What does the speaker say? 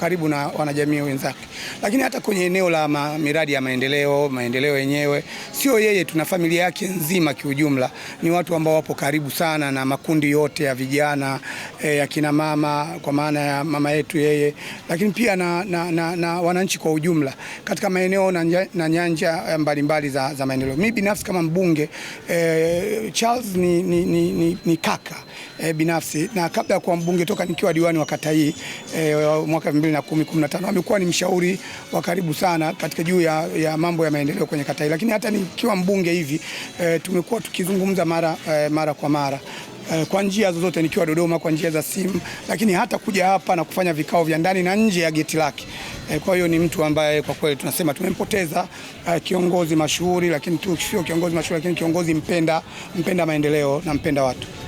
karibu na wanajamii wenzake. Lakini hata kwenye eneo la ma, miradi ya maendeleo, maendeleo yenyewe sio yeye, tuna familia yake nzima kiujumla, ni watu ambao wapo karibu sana na makundi yote ya vijana eh, ya kina mama kwa maana ya mama yetu yeye, lakini pia na, na, na, na wananchi kwa ujumla katika maeneo na, na nyanja eh, mbalimbali mbali za, za maendeleo. Mimi binafsi kama mbunge eh, Charles ni, ni, ni, ni, ni kaka e, binafsi na kabla ya kuwa mbunge toka nikiwa diwani wa kata hii e, mwaka 2010 15 amekuwa ni mshauri wa karibu sana katika juu ya, ya mambo ya maendeleo kwenye kata hii, lakini hata nikiwa mbunge hivi e, tumekuwa tukizungumza mara, e, mara kwa mara kwa njia zozote nikiwa Dodoma kwa njia za simu, lakini hata kuja hapa na kufanya vikao vya ndani na nje ya geti lake. Kwa hiyo ni mtu ambaye kwa kweli tunasema tumempoteza kiongozi mashuhuri, lakini tu sio kiongozi mashuhuri, lakini kiongozi mpenda, mpenda maendeleo na mpenda watu.